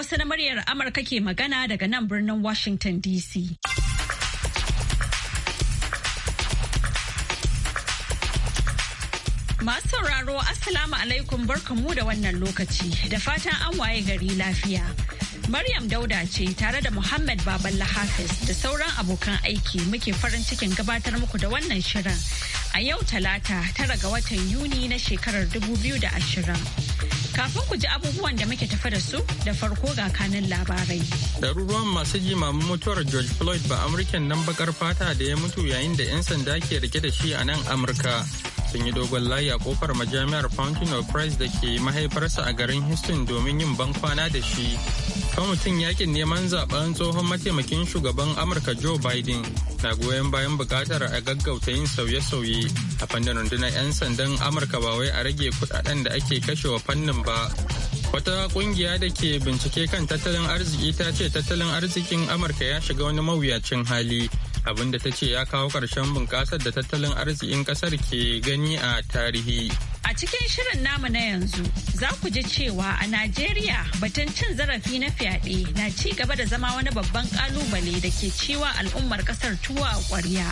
Hausa na muryar Amurka ke magana daga nan birnin Washington DC. Masu sauraro Assalamu alaikum barkamu da wannan lokaci da fatan an waye gari lafiya. Maryam Dauda ce tare da Muhammad Baballa Hafiz da sauran abokan aiki muke farin cikin gabatar muku da wannan shirin a yau talata tara ga watan Yuni na shekarar 2020. Kafin ku ji abubuwan da muke tafa da su da farko ga kanin labarai. Ɗaruruwan masu jimamin mutuwar George Floyd ba Amurken nan bakar fata da ya mutu yayin da 'yan sanda ke rike da shi a nan Amurka. Sun yi dogon layi a kofar majami'ar Fountain of Price da ke mahaifarsa a garin Houston domin yin ban kwana da shi. kwamitin yakin neman zaben tsohon mataimakin shugaban amurka joe biden na goyon bayan bukatar a gaggauta yin sauye-sauye a fannin rundunar 'yan sandan amurka ba wai a rage kudaden da ake kashewa fannin ba wata kungiya da ke bincike kan tattalin arziki ta ce tattalin arzikin amurka ya shiga wani mawuyacin hali abinda ta ce ya kawo ƙarshen bunƙasar da tattalin arzikin ƙasar ke gani a tarihi A cikin shirin namu na yanzu za ku ji cewa a Najeriya batun cin zarafi na fyaɗe na ci gaba da zama wani babban kalubale da ke ciwa al'ummar ƙasar tuwo a ƙwarya.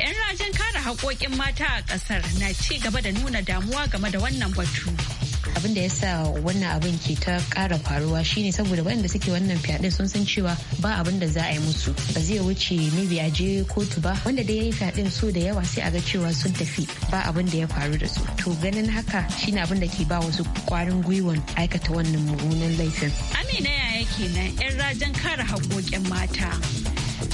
'Yan rajin kare haƙoƙin mata a ƙasar na ci gaba da nuna damuwa game da wannan batu. abin da ya sa wannan abin ke ta kara faruwa shine saboda waɗanda suke wannan fyaɗe sun san cewa ba abin da za a yi musu ba zai wuce maybe a je kotu ba wanda dai yayi yi fyaɗen so da yawa sai a ga cewa sun tafi ba abin da ya faru da su to ganin haka shine abin da ke ba wasu kwarin gwiwan aikata wannan mummunan laifin amina ya yaya kenan yan rajan kare haƙoƙin mata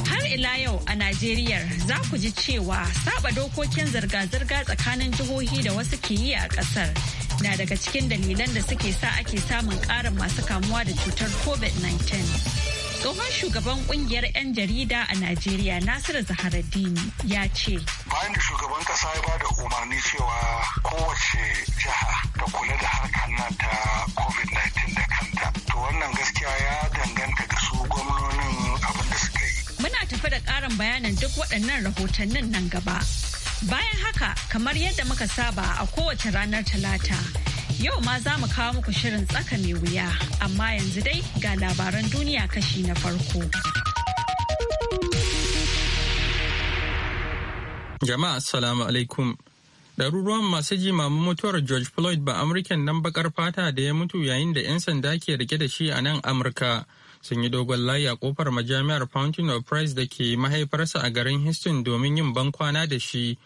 Har ila yau a Najeriya za ku ji cewa saba dokokin zirga-zirga tsakanin jihohi da wasu ke yi a ƙasar na daga cikin dalilan da suke sa ake samun ƙarin masu kamuwa da cutar covid-19 tsohon shugaban kungiyar 'yan jarida a najeriya nasiru zaharaddini ya ce bayan da shugaban kasa ya bada umarni cewa kowace jiha ta kula da harkar nan ta covid-19 da kanta to wannan gaskiya ya danganta da su gwamnonin abin da suka yi muna tafi da ƙarin bayanin duk waɗannan rahotannin nan gaba Bayan haka, kamar yadda muka saba a kowace ranar Talata, yau ma za mu kawo muku shirin tsaka mai wuya, amma yanzu dai ga labaran duniya kashi na farko. Jama'a Assalamu alaikum. Ɗaruruwan masu jimamin mutuwar George Floyd ba Amurken nan bakar fata da ya mutu yayin da 'yan sanda ke rike da shi a nan Amurka sun yi dogon layi a kofar majami'ar Fountain of Price da ke mahaifarsa a garin Houston domin yin bankwana da shi.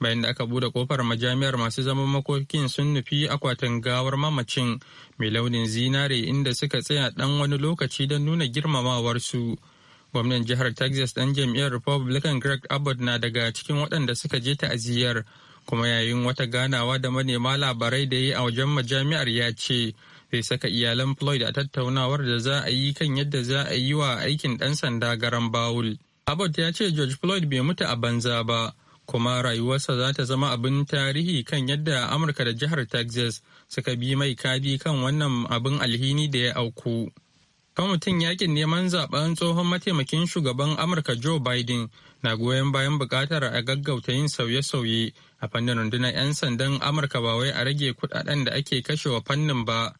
Bayan da aka bude kofar majami'ar masu zaman makokin sun nufi akwatin gawar mamacin mai launin zinare inda suka tsaya ɗan wani lokaci don nuna girmamawar su Gwamnan jihar Texas ɗan jam'iyyar Republican Greg Abbott na daga cikin waɗanda suka je ta'aziyar kuma yayin wata ganawa da manema labarai da yi a wajen majami'ar ya ce zai saka iyalan Floyd a tattaunawar da za a yi kan yadda za a yi wa aikin ɗan sanda garan bawul. Abbott ya ce George Floyd bai mutu a banza ba, kuma rayuwarsa za ta zama abin tarihi kan yadda Amurka da jihar Texas suka bi mai kadi kan wannan abin alhini da ya auku. mutum yakin neman zaɓen tsohon mataimakin shugaban Amurka Joe Biden na goyon bayan bukatar a gaggauta yin sauye-sauye a fannin rundunar 'yan sandan Amurka ba wai a rage kuɗaɗen da ake kashewa fannin ba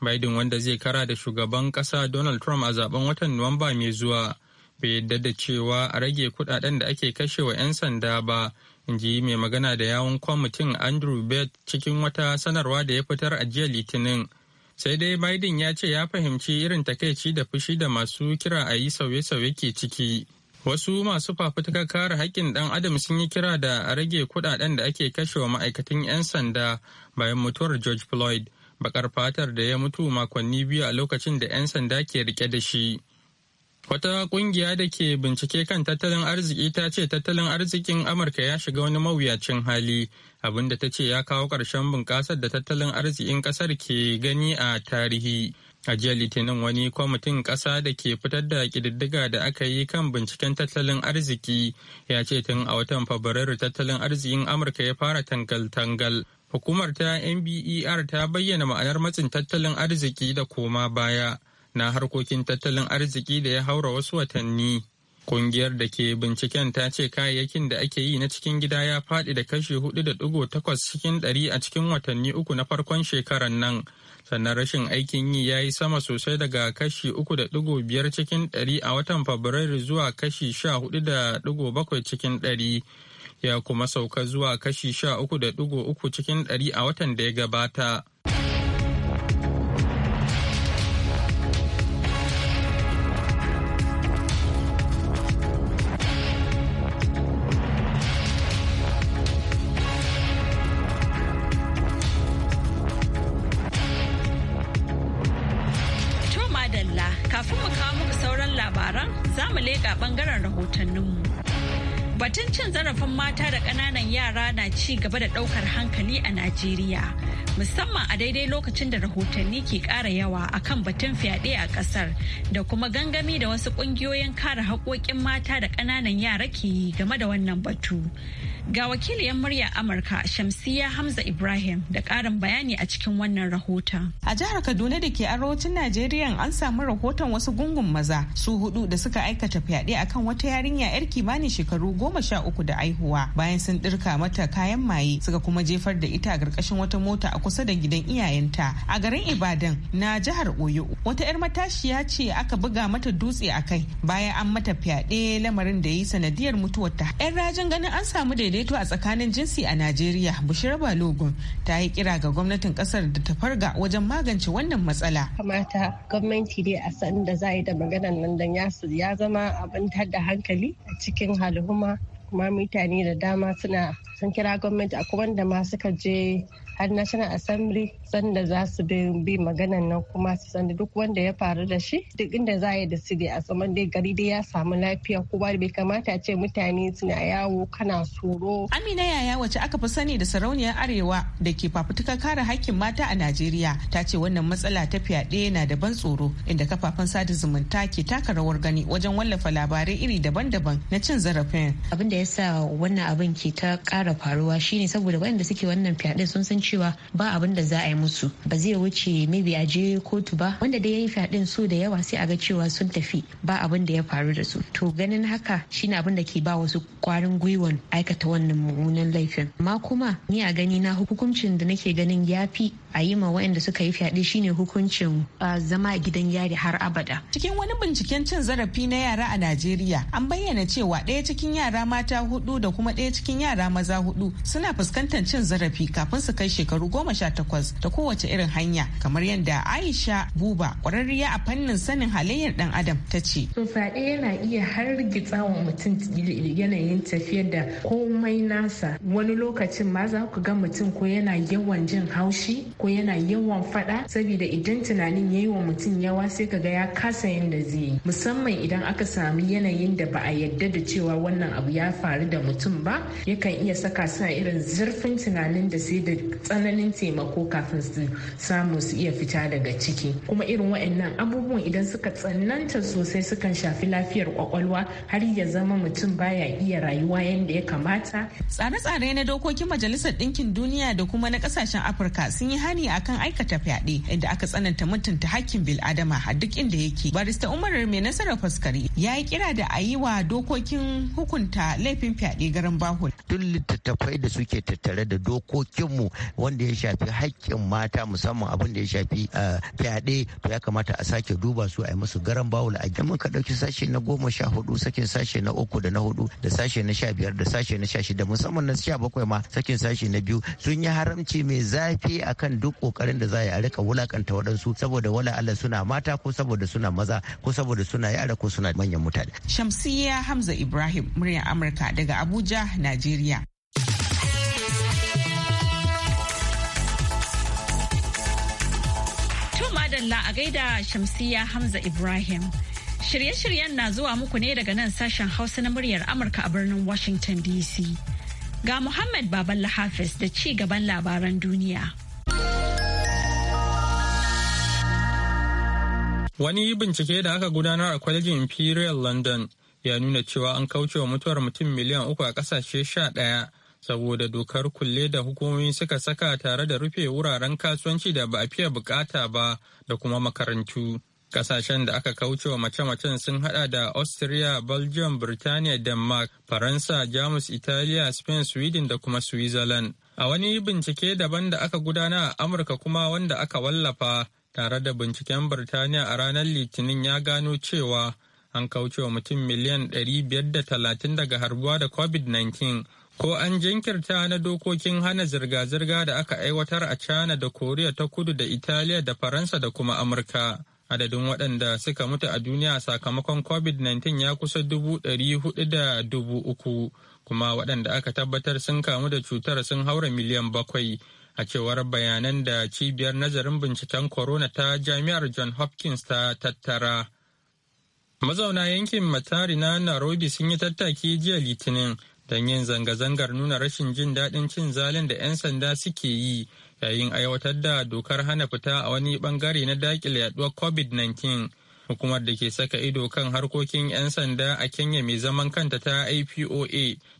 Biden wanda zai kara da shugaban kasa Donald Trump a zaben watan Nuwamba mai zuwa bai yadda da cewa a rage kudaden da ake kashe wa 'yan sanda ba, in ji mai magana da yawun kwamitin Andrew Beth cikin wata sanarwa da ya fitar a jiya Litinin. Sai dai Biden ya ce ya fahimci irin takaici da fushi da masu kira a yi sauye-sauye ke ciki. Wasu masu fafutukar kare haƙƙin ɗan adam sun yi kira da a rage kudaden da ake kashewa wa ma'aikatan 'yan sanda bayan mutuwar George Floyd. bakar fatar da ya mutu makonni biyu a lokacin da 'yan sanda ke rike da shi. Wata kungiya da ke bincike kan tattalin arziki ta ce tattalin arzikin Amurka ya shiga wani mawuyacin hali abinda ta ce ya kawo ƙarshen bunƙasar da tattalin arzikin ƙasar ke gani a tarihi. A jiya Litinin wani kwamitin ƙasa da ke fitar da ƙididdiga da aka yi kan binciken tattalin arziki ya ce tun a watan Fabrairu tattalin arzikin Amurka ya fara tangal-tangal Hukumar ta NBER ta bayyana ma'anar matsin tattalin arziki da koma baya na harkokin tattalin arziki da ya haura wasu watanni. Kungiyar da ke binciken ta ce kayayyakin da ake yi na cikin gida ya faɗi da kashi 4.8 cikin 100 a cikin watanni uku na farkon shekarar nan. Sannan rashin aikin yi ya yi sama sosai daga kashi 3.5 cikin 100 a watan Fabrairu zuwa kashi 14.7 cikin ya kuma sauka zuwa kashi sha uku da ɗugu uku cikin ɗari a watan da ya gabata. Cin zarafin mata da ƙananan yara na ci gaba da ɗaukar hankali a Najeriya, musamman a daidai lokacin da rahotanni ke ƙara yawa a kan batun fyaɗe a ƙasar da kuma gangami da wasu ƙungiyoyin kare haƙoƙin mata da ƙananan yara ke yi game da wannan batu. Ga wakiliyar muryar Amurka Shamsiya Hamza Ibrahim da karin bayani a cikin wannan rahoton. A jihar Kaduna da ke arewacin Najeriya an samu rahoton wasu gungun maza su hudu da suka aikata fyaɗe akan wata yarinya 'yar kimanin shekaru goma sha uku da aihuwa bayan sun ɗirka mata kayan maye suka kuma jefar da ita a ƙarƙashin wata mota a kusa da gidan iyayenta a garin Ibadan na jihar Oyo. Wata 'yar matashiya ce aka buga mata dutse a kai bayan an mata fyaɗe lamarin da ya yi sanadiyar mutuwarta. 'Yan rajin ganin an samu daidai daidaito a tsakanin jinsi a Najeriya, Bushira Balogun ta yi kira ga gwamnatin kasar da ta farga wajen magance wannan matsala. Kamata gwamnati dai a san da za a yi da maganar nan yasu ya zama abin da hankali a cikin halhuma kuma mutane da dama suna sun kira gwamnati a kuma da ma suka je har national assembly sanda za su bi maganan nan kuma su sanda duk wanda ya faru da shi duk inda za a yi da a tsaman dai gari dai ya samu lafiya kuma bai kamata a ce mutane suna yawo kana tsoro. amina yaya wace aka fi sani da sarauniyar arewa da ke fafutukar kare hakkin mata a najeriya ta ce wannan matsala ta fyaɗe na da ban tsoro inda kafafen sada zumunta ke taka rawar gani wajen wallafa labarai iri daban-daban na cin zarafin. abin da ya sa wannan abin ke ta ƙara faruwa shine saboda waɗanda suke wannan fyaɗe sun san cewa ba abin da za a yi musu ba zai wuce maybe a je kotu ba wanda dai ya yi fyaɗin su da yawa sai a ga cewa sun tafi ba abin da ya faru da su to ganin haka shine abin da ke ba wasu kwarin gwiwan aikata wannan mummunan laifin ma kuma ni a gani na hukuncin da nake ganin ya fi a yi ma waɗanda suka yi fyaɗe shine hukuncin ah, zama a gidan yari har abada cikin wani binciken cin zarafi na yara a najeriya an bayyana cewa ɗaya cikin yara mata hudu da kuma ɗaya cikin yara maza hudu suna fuskantar cin zarafi kafin su kai shekaru goma sha takwas ta kowace irin hanya kamar yadda aisha buba kwararriya a fannin sanin halayyar dan adam ta ce to fyaɗe yana iya hargitsa wa mutum yanayin tafiyar da komai nasa wani lokacin ma za ku ga mutum ko yana yawan jin haushi ko yana yawan faɗa saboda idan tunanin ya yi wa mutum yawa sai ka ga ya kasa yadda zai yi musamman idan aka sami yanayin da ba a yadda da cewa wannan abu ya faru da mutum ba yakan iya saka sa irin zurfin tunanin da sai da tsananin taimako kafin su samu su iya fita daga ciki kuma irin wa'annan abubuwan idan suka tsananta sosai sukan shafi lafiyar kwakwalwa har ya zama mutum baya iya rayuwa yadda ya kamata tsare-tsare na dokokin majalisar ɗinkin duniya da kuma na ƙasashen afirka sun yi hani akan aikata fyaɗe inda aka tsananta mutunta hakkin bil'adama a duk inda yake barista umar mai nasarar faskari ya yi kira da a yi wa dokokin hukunta laifin fyaɗe garin bahul duk littattafai da suke tattare da dokokinmu wanda ya shafi haƙƙin mata musamman abin da ya shafi fyaɗe to ya kamata a sake duba su a yi musu garan bawul a gama ka ɗauki sashe na goma sha hudu sakin sashe na uku da na hudu da sashe na sha biyar da sashe na sha shida musamman na sha bakwai ma sakin sashe na biyu sun yi haramci mai zafi akan duk ƙoƙarin da za a rika wulakanta waɗansu saboda wala Allah suna mata ko saboda suna maza ko saboda suna yara ko suna manyan mutane. Shamsiyya Hamza Ibrahim murya Amurka daga Abuja, Najeriya. madalla a gaida Shamsiya Hamza Ibrahim. Shirye-shiryen na zuwa muku ne daga nan sashen Hausa na muryar Amurka a birnin Washington DC. Ga Muhammad Baballa Hafiz da ci gaban labaran duniya. Wani bincike da aka gudanar a kwalejin Imperial London ya nuna cewa an kaucewa mutuwar mutum miliyan uku a kasashe sha ɗaya saboda dokar kulle da hukumomi suka saka tare da rufe wuraren kasuwanci da ba a fiye bukata ba da kuma makarantu. Kasashen da aka kaucewa mace-macen sun hada da Austria, Belgium, Birtaniya, Denmark, Faransa, Jamus, Italiya, Spain, Sweden da kuma Switzerland. A wani bincike daban da aka gudana a Amurka kuma wanda aka wallafa tare da binciken Birtaniya a ranar Litinin ya gano cewa an kauce wa mutum miliyan 530 daga harbuwa da COVID-19 ko an jinkirta na dokokin hana zirga-zirga da aka aiwatar a China da Korea ta kudu da Italiya da Faransa da kuma Amurka. Adadin waɗanda suka mutu a duniya sakamakon COVID-19 ya kusa dubu ɗari hudu da dubu uku, kuma waɗanda aka tabbatar sun kamu da cutar sun haura miliyan bakwai. A cewar bayanan da cibiyar nazarin binciken corona ta jami'ar John Hopkins ta tattara. Mazauna yankin Matari na Nairobi sun yi tattaki jiya Litinin don yin zanga-zangar nuna rashin jin daɗin cin zalin da 'yan sanda suke yi yayin aiwatar da dokar hana fita a wani bangare na daƙile yaduwar covid-19 hukumar da ke saka ido kan harkokin 'yan sanda a kenya mai zaman kanta ta apoa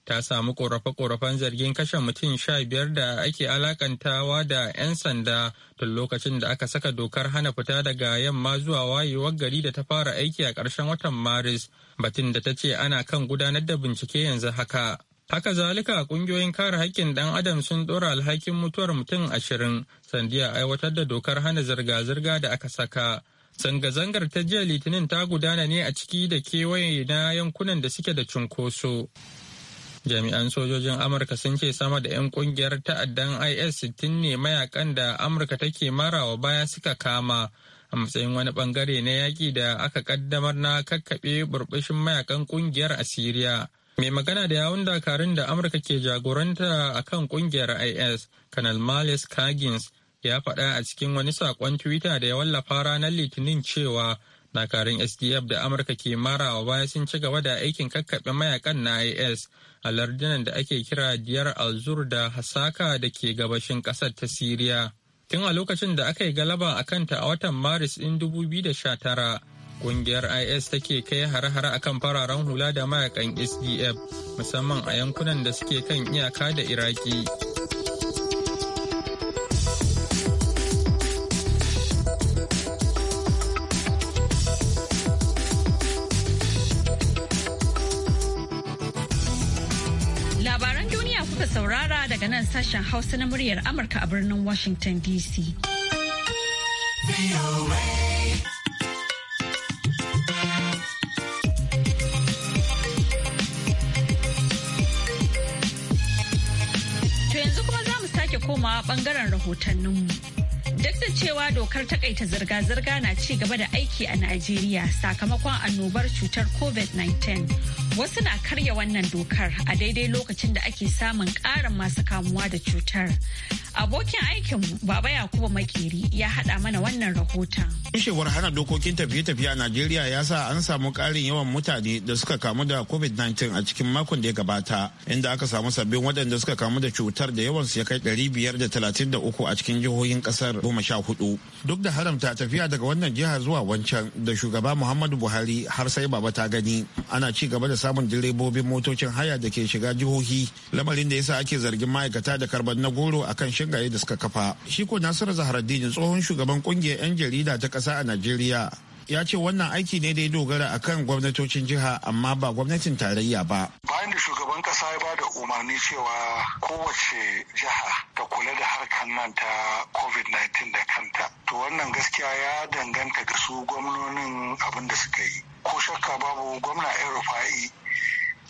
ta samu korafe-korafen zargin kashe mutum sha biyar da ake alakantawa da 'yan sanda tun lokacin da aka saka dokar hana fita daga yamma zuwa wayewar gari da ta fara aiki a ƙarshen watan maris batun da ta ce ana kan gudanar da bincike yanzu haka Haka zalika kungiyoyin kare haƙƙin ɗan adam sun ɗora alhakin mutuwar mutum ashirin sandiya aiwatar da dokar hana zirga-zirga da aka saka Zanga-zangar ta jiya Litinin ta gudana ne a ciki da kewaye na yankunan da suke da cunkoso. Jami'an sojojin Amurka sun ce sama da 'yan kungiyar ta'addan IS 60 ne mayakan da Amurka take marawa baya suka kama a matsayin wani bangare na yaƙi da aka kaddamar na kakkaɓe burbushin mayakan kungiyar a Mai magana da yawun dakarun da Amurka ke jagoranta a kan kungiyar IS, Kanal Males Kagins, ya faɗa a cikin wani saƙon twitter da ya wallafa ranar litinin cewa dakarun sdf da amurka ke marawa baya sun ci gaba da aikin kakkaɓe mayakan na is a lardunan da ake kira diyar alzur da hasaka da ke gabashin ƙasar ta siriya tun a lokacin da aka yi galaba a kanta a watan maris ɗin 2019 ƙungiyar is take kai hare-hare akan fararen hula da mayakan sdf musamman a yankunan da suke kan iyaka da iraki sashen Hausa na muryar Amurka a birnin Washington DC. To yanzu kuma za mu sake komawa bangaren rahotanninmu. Duk da cewa dokar takaita zirga-zirga na ci gaba da aiki a Najeriya sakamakon annobar cutar COVID-19. Wasu na karya wannan dokar a daidai lokacin da ake samun ƙarin masu kamuwa da cutar. Abokin aikin Baba Yakubu Makeri ya haɗa mana wannan rahoton. Shewar hana dokokin tafiye-tafiye a Najeriya ya sa an samu ƙarin yawan mutane da suka kamu da COVID-19 a cikin makon da ya gabata, inda aka samu sabbin waɗanda suka kamu da cutar da yawan su ya kai 533 a cikin jihohin ƙasar goma goma sha hudu duk da haramta tafiya daga wannan jiha zuwa wancan da shugaba muhammadu buhari har sai baba ta gani ana ci gaba da samun direbobin motocin haya da ke shiga jihohi lamarin da yasa ake zargin ma'aikata da karban na goro akan shingaye da suka kafa Shiko ko nasiru zaharaddini tsohon shugaban kungiyar 'yan jarida ta ƙasa a najeriya ya ce wannan aiki ne da ya dogara a kan gwamnatocin jiha amma ba gwamnatin tarayya ba. Bayan da shugaban kasa ya ba da umarni cewa kowace jiha ta kula da harkar nan ta COVID-19 da kanta. To wannan gaskiya ya danganta ga su gwamnonin abin da suka yi. Ko shakka babu gwamna Aerofa'i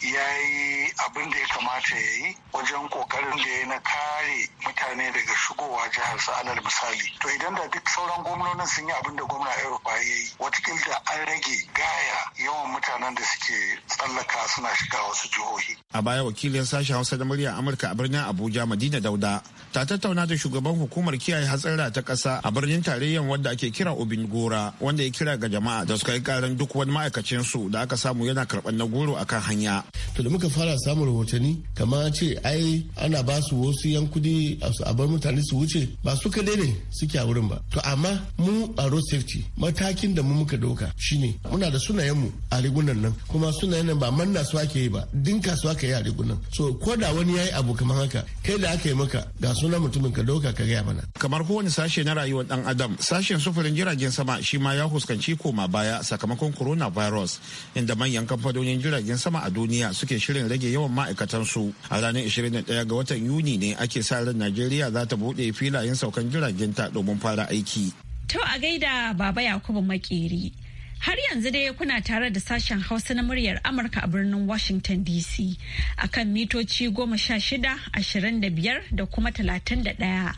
ya yi abin da ya kamata ya yi wajen kokarin da ya na kare mutane daga shigowa jihar sa alal misali to idan da duk sauran gwamnonin sun yi abin da gwamna Europa ya yi watakil da an rage gaya yawan mutanen da suke tsallaka suna shiga wasu jihohi a baya wakilin sashen hausa da murya amurka a birnin abuja madina dauda ta tattauna da shugaban hukumar kiyaye hatsara ta ƙasa a birnin tarayyar wanda ake kira obin gora wanda ya kira ga jama'a da suka yi karin duk wani ma'aikacin su da aka samu yana karɓar na goro akan hanya to da muka fara samun rahotanni kamar ce ai ana ba su wasu kudi a bar mutane su wuce ba su kadai ne suke a wurin ba to amma mu a road safety matakin da mu muka doka shine muna da sunayen mu a rigunan nan kuma sunayen nan ba manna su ake yi ba dinka su aka yi a rigunan so ko da wani yayi abu kamar haka kai da aka yi maka ga sunan mutumin ka doka ka gaya mana kamar kowane sashe na rayuwar dan adam sashen sufurin jiragen sama shi ma ya fuskanci koma baya sakamakon coronavirus inda manyan kamfanonin jiragen sama a duniya duniya suke shirin rage yawan ma'aikatansu a ranar 21 ga watan yuni ne ake sa ran najeriya za ta buɗe filayen saukan ta domin fara aiki to a gaida baba yakubu makeri Har yanzu dai kuna tare da sashen Hausa na muryar Amurka a birnin Washington DC akan mitoci goma sha shida, ashirin da biyar da kuma talatin da ɗaya.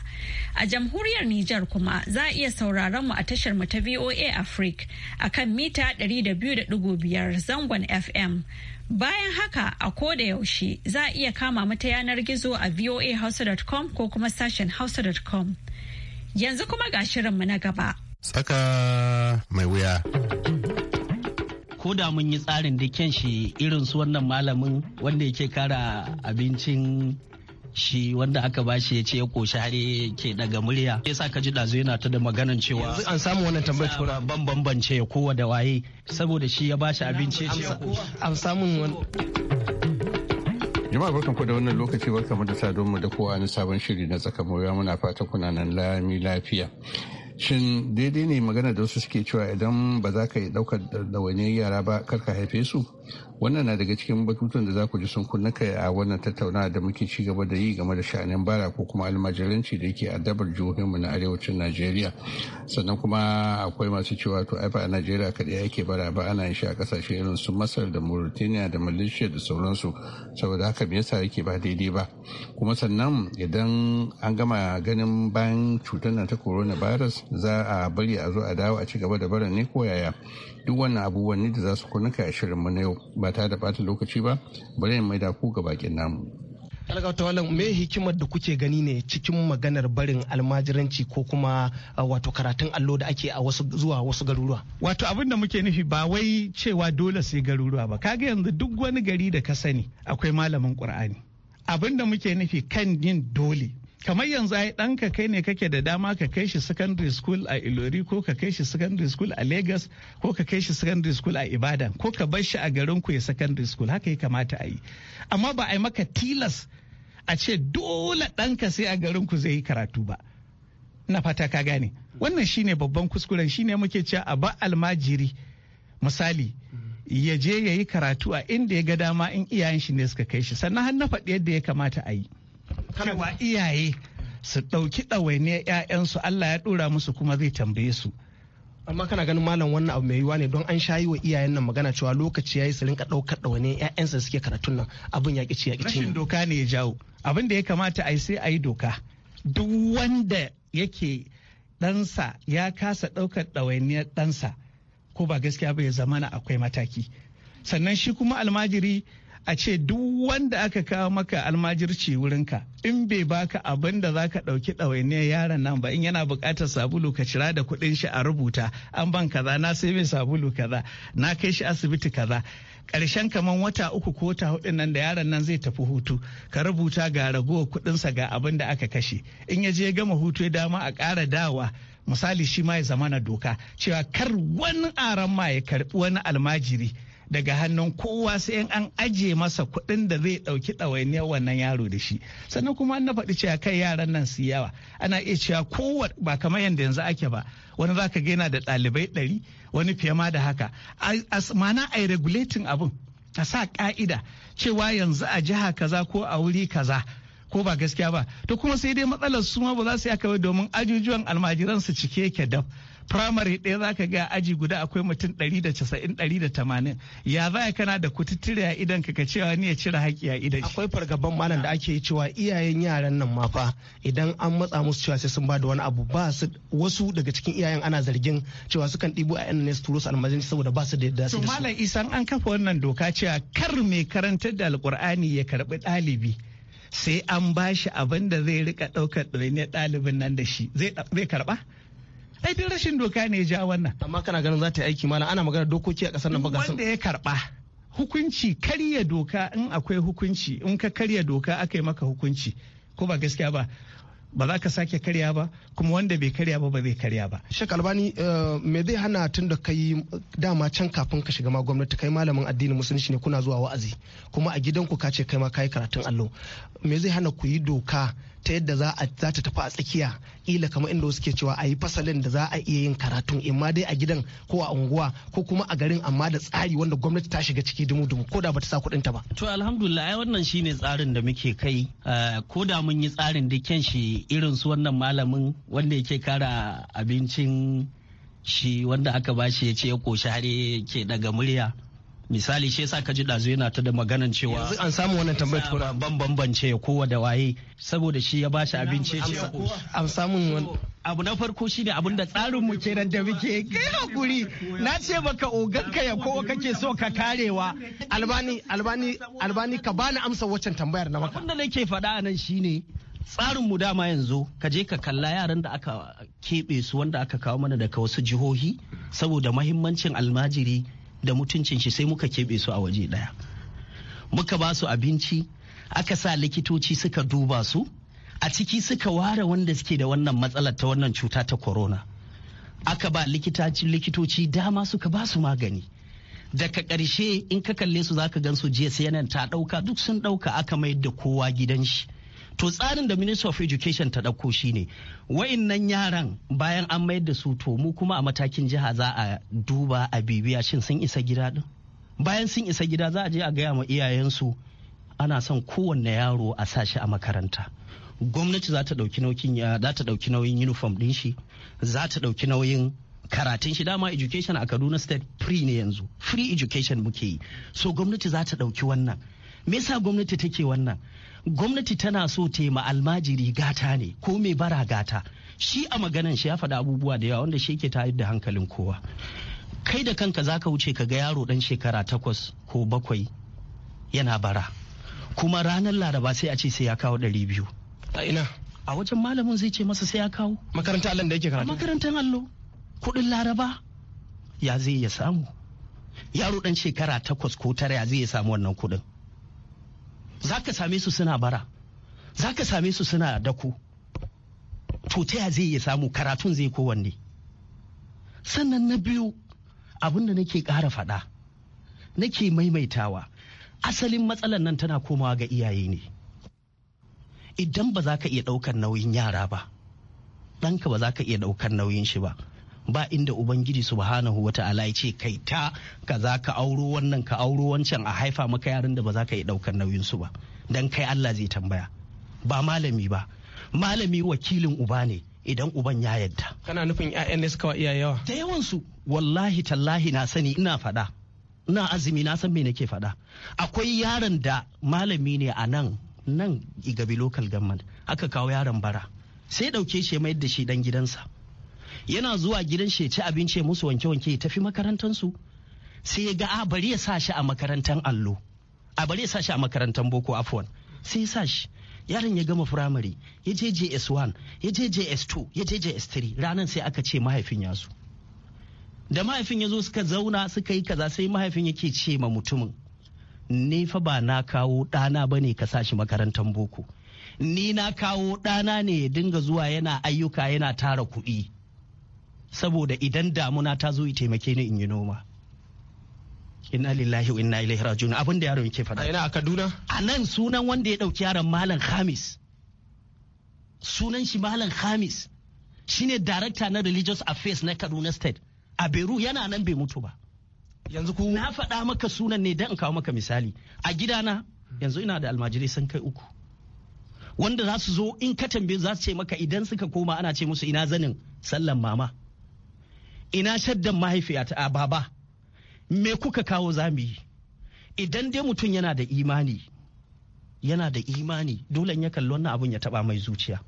A jamhuriyar Nijar kuma za a iya sauraron mu a tashar mu ta VOA Africa akan mita ɗari da biyu da ɗigo biyar zangon FM. Bayan haka a ko da yaushe za a iya kama mata yanar gizo a voahausa.com ko kuma sashen hausa.com. Yanzu kuma ga shirinmu na gaba. Tsaka mai wuya. ko da mun yi tsarin da shi irin su wannan malamin wanda yake kara abincin shi wanda aka ba shi ya ce ya koshi har ke daga murya yasa ka ji dazu yana ta da maganan cewa Yanzu an samu wannan tambayar kura ban bambance ya kowa da waye saboda shi ya ba shi abinci ya ce an wani jama'a barkan ku da wannan lokaci barkan mu da sadon mu da kowa na sabon shiri na tsaka mawuya muna fata kuna nan lami lafiya shin daidai ne magana da wasu suke cewa idan ba za ka yi daukar da wani yara ba kar ka haife su wannan na daga cikin batutun da za ku ji sun kunna kai a wannan tattaunawa da muke ci gaba da yi game da sha'anin bara ko kuma almajiranci da yake addabar jihohinmu na arewacin najeriya sannan kuma akwai masu cewa to aifa a najeriya kaɗai ake bara ba ana yin shi a ƙasashe irin su masar da mauritania da malaysia da sauransu saboda haka me yasa yake ba daidai ba kuma sannan idan an gama ganin bayan cutar nan ta coronavirus za a bari a zo a dawo a ci gaba da bara ne ko yaya duk wannan abubuwan ne da za su kunuka a shirinmu na yau ba ta da bata lokaci ba bari in da ku ga bakin namu alƙawta wallan me hikimar da kuke gani ne cikin maganar barin almajiranci ko kuma uh, wato karatun allo da ake a wasu zuwa wasu garuruwa wato abin da muke nufi ba wai cewa dole sai garuruwa ba kaga yanzu duk wani gari da ka sani akwai malamin qur'ani abin da muke nufi kan yin dole kamar yanzu ai ɗanka kai ne kake da dama ka kai shi secondary school a ilori ko ka kai shi secondary school a lagos ko ka kai shi secondary school a ibadan ko ka bar shi a garin ku ya secondary school haka ya kamata a yi amma ba a yi maka tilas a ce dole ɗanka sai a garin ku zai yi karatu ba na fata ka gane wannan shine babban kuskuren shine muke cewa a ba almajiri misali ya je ya karatu a inda ya ga dama in iyayen shi ne suka kai shi sannan har na faɗi yadda ya kamata a yi cewa iyaye su ɗauki ɗawainiyar 'ya'yansu Allah ya ɗora musu kuma zai tambaye su. amma kana ganin malam wannan abu mai yiwuwa ne don an yi wa iyayen nan magana cewa lokaci ya yi su rinka ɗaukar ɗawane ƴaƴansa suke karatun nan abin ya ƙici ya ƙici rashin doka ne ya jawo abin da ya kamata a yi sai a yi doka duk wanda yake ɗansa ya kasa ɗaukar ɗawainiyar ɗansa ko ba gaskiya ba ya zamana akwai mataki sannan shi kuma almajiri a ce duk wanda aka kawo maka almajirci wurinka in bai baka abin da za ka ɗauki ɗawainiyar yaron nan ba in yana buƙatar sabulu ka cira da kuɗin shi a rubuta an ban kaza na sai mai sabulu kaza na kai shi asibiti kaza karshen kaman wata uku ko wata hudu nan da yaron nan zai tafi hutu ka rubuta ga ragowar kuɗinsa ga abin da aka kashe in ya je ya gama hutu ya dama a ƙara dawa misali shi ma ya zama na doka cewa kar wani aran ma ya karɓi wani almajiri daga hannun kowa sai in an ajiye masa kuɗin da zai ɗauki ɗawainiyar wannan yaro da shi sannan kuma an na faɗi cewa kai yaran nan su yawa ana iya cewa kowa ba kamar yadda yanzu ake ba wani zaka ga yana da ɗalibai ɗari wani fiye ma da haka mana a regulating abin a sa ka'ida cewa yanzu a jiha kaza ko a wuri kaza ko ba gaskiya ba to kuma sai dai matsalar su ma ba za su yi aka domin ajujuwan almajiran su cike yake dab primary ɗaya za ka ga aji guda akwai mutum 190 180 ya za kana da kututtire a idan ka cewa ni ya cire haƙƙi a idan akwai fargaban malam da ake cewa iyayen yaran nan ma fa idan an matsa musu cewa sai sun ba da wani abu ba su wasu daga cikin iyayen ana zargin cewa sukan ɗibo a ne su turo su almajiranci saboda ba su da yadda su malam isan an kafa wannan doka cewa kar mai karantar da alƙur'ani ya karɓi ɗalibi sai an bashi abin da zai rika ɗaukar ne ɗalibin nan da shi zai karɓa ai duk rashin doka ne ja wannan amma kana ganin za ta yi aiki mana ana magana dokoki a kasar nan ba wanda ya karba hukunci karya doka in akwai hukunci in ka karya doka aka yi maka hukunci ko ba gaskiya ba ba za ka sake karya ba kuma wanda bai karya ba ba zai karya ba. Shek Albani eh, me zai hana tun da kai dama can kafin ka shiga ma gwamnati kai malamin addinin musulunci ne kuna zuwa wa'azi kuma a gidanku ka ce kai ma kai karatun allo me zai hana ku yi doka ta yadda za a ta tafi a tsakiya ila kamar inda suke cewa a yi fasalin da za a iya yin karatun imma dai a gidan ko a unguwa ko kuma a garin amma da tsari wanda gwamnati ta shiga ciki dumu-dumu ko da ta sa kuɗin ta ba. To alhamdulillah ai wannan ne tsarin da muke kai eh, ko da mun yi tsarin da kyan shi irin su wannan malamin wanda yake kara abincin shi wanda aka bashi ya ce ya koshi har ke daga murya. misali shi yasa ka ji dazu yana ta da maganan cewa yanzu an samu wannan tambayar tura ban bambance ya kowa da waye saboda shi ya bashi abinci ce an samu abu na farko shine abin da tsarin mu kenan da muke kai hakuri na ce baka oganka ya kowa kake so ka karewa albani albani albani ka bani amsa waccan tambayar na maka abin nake faɗa nan shine tsarin mu dama yanzu ka je ka kalla yaran da aka keɓe su wanda aka kawo mana daga wasu jihohi saboda mahimmancin almajiri da mutuncin shi sai muka keɓe su a waje ɗaya muka ba su abinci aka sa likitoci suka duba su a ciki suka ware wanda suke da wannan matsalar ta wannan cuta ta corona aka ba likitoci dama suka ba su magani daga ƙarshe in ka kalle su zaka gan su jiya sai ta ɗauka duk sun ɗauka aka mai da kowa gidan shi to tsarin da minister of education ta ɗauko shine wa'innan yaran bayan an mayar da su to mu kuma a matakin jiha za a duba a bibiya shin sun isa gida din bayan sun isa gida za a je a gaya ma iyayensu ana son kowanne yaro a sa a makaranta gwamnati eh, za ta ɗauki nauyin uniform ɗin shi za ta ɗauki nauyin karatun shi dama education a kaduna state free ne yanzu free education muke yi so gwamnati za ta ɗauki wannan me yasa gwamnati take wannan gwamnati tana so ta yi almajiri gata ne ko mai bara gata shi a maganan shi ya faɗi abubuwa da yawa wanda shi ke tayar da hankalin kowa kai da kanka zaka wuce ka ga yaro dan shekara takwas ko bakwai yana bara kuma ranar laraba sai a ce sai ya kawo ɗari biyu a ina a wajen malamin zai ce masa sai ya kawo makaranta allon da yake karatu makarantar allo kuɗin laraba ya zai ya samu yaro dan shekara takwas ko tara ya zai ya samu wannan kuɗin za ka same su suna bara za ka same su suna daku. to ta zai iya samu karatun zai kowanne sannan na biyu abin da nake ƙara faɗa nake maimaitawa asalin matsalan nan tana komawa ga iyaye ne idan ba za ka iya ɗaukar nauyin yara ba ɗanka ba za ka iya ɗaukar nauyin shi ba ba inda ubangiji subhanahu wa ta'ala ya ce kai ta kaza ka auro wannan ka auro wancan a haifa maka yaran da ba za ka yi daukar nauyin su ba dan kai Allah zai tambaya ba malami ba malami wakilin uba ne idan uban ya yadda kana nufin ƴaƴan ne suka iya yawa da yawan su wallahi tallahi na sani ina faɗa ina azumi na san me nake faɗa akwai yaron da malami ne a nan nan igabi local government aka kawo yaron bara sai ɗauke shi mai da shi dan gidansa yana zuwa gidan shi ci abinci ya musu wanke-wanke ya tafi makarantansu sai ya ga a ah, bari ya sa shi a makarantan allo a bari ya sa shi a makarantan boko afwan sai ya sa shi yaron ya gama firamare ya je js1 ya je js2 ya je js3 ranar sai aka ce mahaifin ya zo da mahaifin ya zo suka zauna suka yi kaza sai mahaifin yake ce ma mutumin ni fa ba na kawo ɗana ba ne ka sa shi makarantar boko ni na kawo ɗana ne ya dinga zuwa yana ayyuka yana tara kuɗi saboda idan damuna ta zo taimake ni in yi noma inna lillahi wa inna ilaihi rajiun abin da yaron yake faɗa A ina a Kaduna a nan sunan wanda ya ɗauki yaron Malam Khamis sunan shi Malam Khamis shine director na religious affairs na Kaduna state a Beru yana nan bai mutu ba yanzu ku na faɗa maka sunan ne dan in kawo maka misali a gidana yanzu ina da almajirai sun kai uku wanda za su zo in ka tambaye za su ce maka idan suka koma ana ce musu ina zanin sallan mama ina shaddan mahaifiyata a baba me kuka kawo zamu yi idan dai mutum yana da imani yana da imani dole ya kalli wannan abun ya taba mai zuciya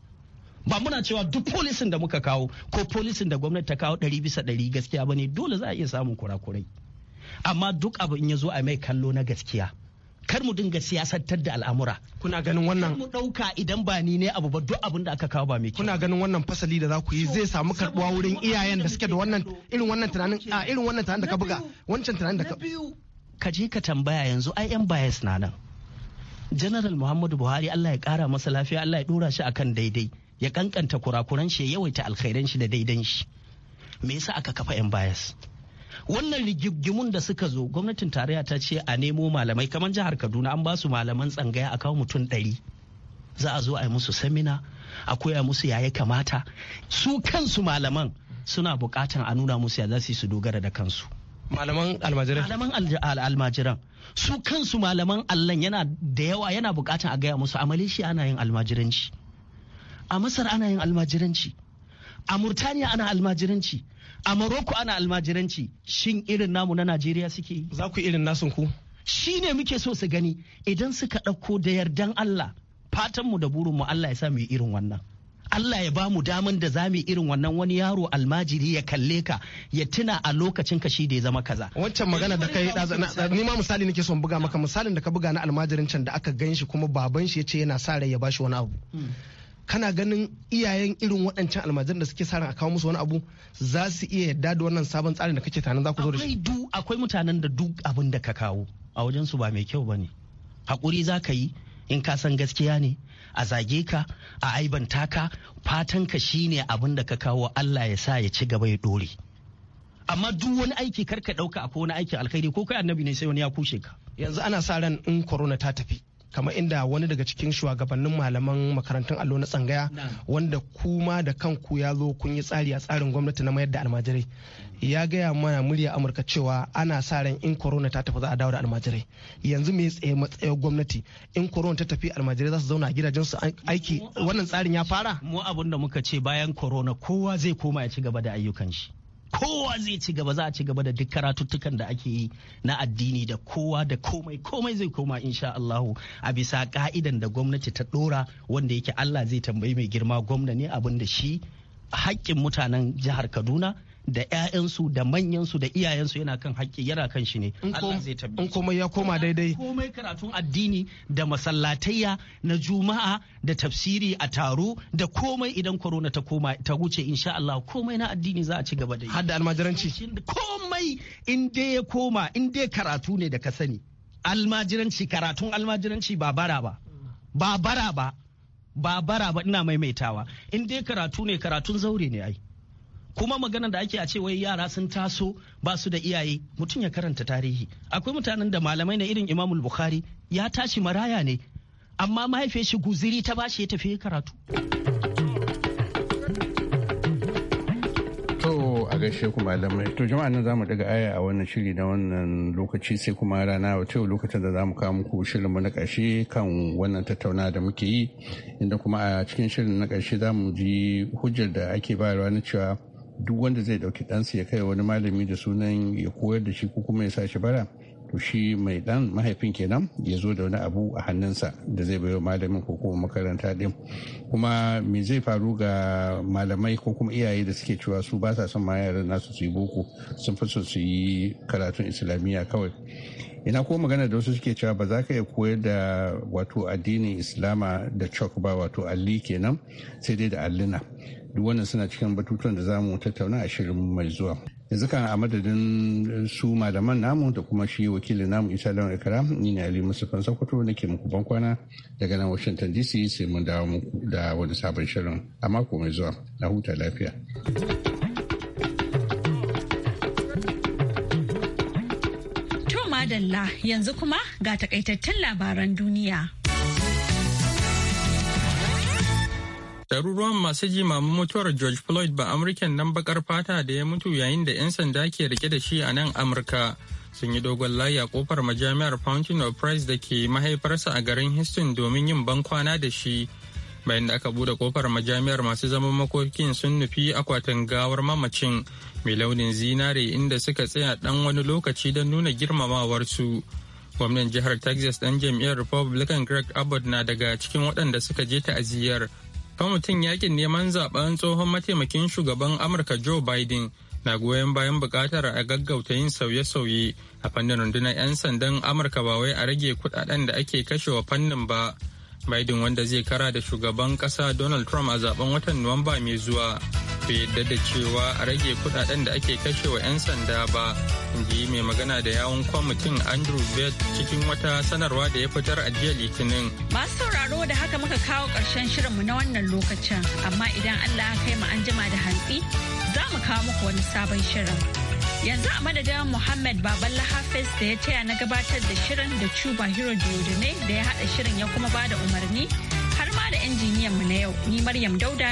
ba muna cewa duk polisin da muka kawo ko polisin da gwamnati ta kawo ɗari bisa ɗari gaskiya ba ne dole za a iya samun kurakurai amma duk abu in ya zo a mai kallo na gaskiya kar mu dinga siyasantar da al'amura kuna ganin wannan mu dauka idan ba ni ne abu ba duk abin da aka kawo ba mai kuna ganin wannan fasali da za ku yi zai samu karbuwa wurin iyayen da suke da wannan irin wannan tunanin a irin wannan tunanin da ka buga wancan tunanin da ka ka je ka tambaya yanzu ai yan bias na nan general muhammadu buhari allah ya kara masa lafiya allah ya dora shi akan daidai ya kankanta kurakuran shi ya yawaita alkhairan shi da daidan shi me yasa aka kafa yan bias wannan rigigimun da suka zo gwamnatin tarayya ta ce a nemo malamai kamar jihar kaduna an basu su malaman tsangaya a kawo mutum ɗari za a zo a yi musu samina a koya musu ya kamata su kansu malaman suna bukatan a nuna musu ya za su yi su dogara da kansu malaman almajiran malaman almajiran su kansu malaman allan yana da yawa yana bukatan a gaya musu a shi ana yin almajiranci a masar ana yin almajiranci a murtaniya ana almajiranci a Morocco ana almajiranci shin irin namu na Najeriya suke yi za ku irin nasun ku shi ne muke so su gani idan suka ɗauko da yardan Allah fatanmu da burinmu Allah ya sa mu irin wannan Allah ya ba mu daman da za mu irin wannan wani yaro almajiri ya kalle ka ya tuna a lokacin ka shi da ya zama kaza. Wancan magana da kai ni ma misali nake son buga maka misalin da ka buga na almajirin can da aka ganshi kuma baban shi ya ce yana sa rai ya bashi wani abu. Hmm. kana ganin iyayen irin waɗancan almajiran da suke ran a kawo musu wani abu za su iya yadda da wannan sabon tsarin da kake tanan za ku zo da shi akwai mutanen da duk abin da ka kawo a wajen su ba mai kyau bane hakuri za ka yi in ka san gaskiya ne a zage ka a aibanta ka fatan ka shine abin da ka kawo Allah ya sa ya ci gaba ya dore amma duk wani aiki kar ka dauka akwai wani aikin alkhairi ko kai annabi ne sai wani ya kushe ka yanzu ana sa ran in corona ta tafi kamar inda wani daga cikin shugabannin malaman makarantun allo na tsangaya wanda kuma da kanku ya zo kun yi tsari a tsarin gwamnati na mayar da almajirai ya gaya mana murya amurka cewa ana sa ran in corona ta tafi za a dawo da almajirai yanzu me tsaye matsayar gwamnati in corona ta tafi almajirai za su zauna a gidajen su aiki wannan tsarin ya fara mu abun da muka ce bayan corona kowa zai koma ya ci gaba da ayyukan shi kowa zai ci gaba za a ci gaba da duk karatuttukan da ake yi na addini da kowa da komai komai zai koma insha Allahu a bisa ka'idan da gwamnati ta dora wanda yake Allah zai tambayi mai girma gwamna ne abin da shi haƙƙin mutanen jihar Kaduna da 'ya'yansu da manyansu da iyayensu yana kan haƙƙi yana kan shi ne in komai ya koma daidai komai karatun addini da masallatayya na juma'a da tafsiri a taro da komai idan korona ta koma ta wuce insha Allah komai na addini za a ci gaba da yi hadda almajiranci komai in dai ya koma in dai karatu ne da ka sani almajiranci karatun almajiranci ba bara ba ba bara ba ba bara ba ina maimaitawa in dai karatu ne karatun zaure ne ai kuma magana da ake a ce wai yara sun taso ba su da iyaye mutum ya karanta tarihi akwai mutanen da malamai na irin imamul bukhari ya tashi maraya ne amma mahaifiyar shi guziri ta bashi ya tafi karatu a gaishe ku malamai to jama'a nan zamu daga aya a wannan shiri na wannan lokaci sai kuma rana a yau lokacin da zamu kawo muku shirin mu na karshe kan wannan tattauna da muke yi inda kuma a cikin shirin na karshe zamu ji hujjar da ake bayarwa na cewa duk wanda zai dauki ɗansa ya kai wani malami da sunan ya koyar da shi ko kuma ya sa shi bara to shi mai dan mahaifin kenan ya zo da wani abu a hannunsa da zai bayo malamin ko kuma makaranta din kuma me zai faru ga malamai ko kuma iyaye da suke cewa su ba sa son ma yaran nasu su yi boko sun fi su yi karatun islamiyya kawai ina ko magana da wasu suke cewa ba za ka iya koyar da wato addinin islama da chok ba wato alli kenan sai dai da allina duk wannan suna cikin batutuwan da zamu tattauna a shirin mai zuwa yanzu kan a madadin su malaman namu da kuma shi wakilin namu isa lawan ikara ni ne ali musufan sokoto ke muku bankwana daga nan washington dc sai mun dawo muku da wani sabon shirin a mako mai zuwa na huta lafiya madalla yanzu kuma ga takaitattun labaran duniya. Ɗaruruwan masu jimamin mutuwar George Floyd ba Amurken nan bakar fata da ya mutu yayin da 'yan sanda ke rike da shi a nan Amurka. Sun yi dogon layi a kofar majami'ar Fountain of Price da ke mahaifarsa a garin Houston domin yin ban kwana da shi. Bayan da aka bude kofar majami'ar masu zaman makokin sun nufi akwatin gawar mamacin mai launin zinare inda suka tsaya dan wani lokaci don nuna girmamawarsu. gwamnan jihar texas dan jam'iyyar republican greg abbott na daga cikin waɗanda suka je ta'aziyyar kwamitin yakin neman zaben tsohon mataimakin shugaban amurka joe biden na goyon bayan bukatar a gaggauta yin sauye-sauye a fannin rundunar 'yan sandan amurka ba wai a rage kudaden da ake kashewa fannin ba biden wanda zai kara da shugaban kasa donald trump a zaben watan nuwamba mai zuwa bai da cewa a rage kudaden da ake kashewa 'yan sanda ba inji mai magana da yawon kwamitin andrew bett cikin wata sanarwa da ya fitar a jiya litinin masu sauraro da haka muka kawo ƙarshen shirinmu na wannan lokacin amma idan allah ya kai mu an jima da hantsi za mu kawo muku wani sabon shirin yanzu a madadin muhammad baballa hafiz da ya taya na gabatar da shirin da cuba hero diodune da ya haɗa shirin ya kuma ba da umarni har ma da injiniyan mu na yau ni maryam dauda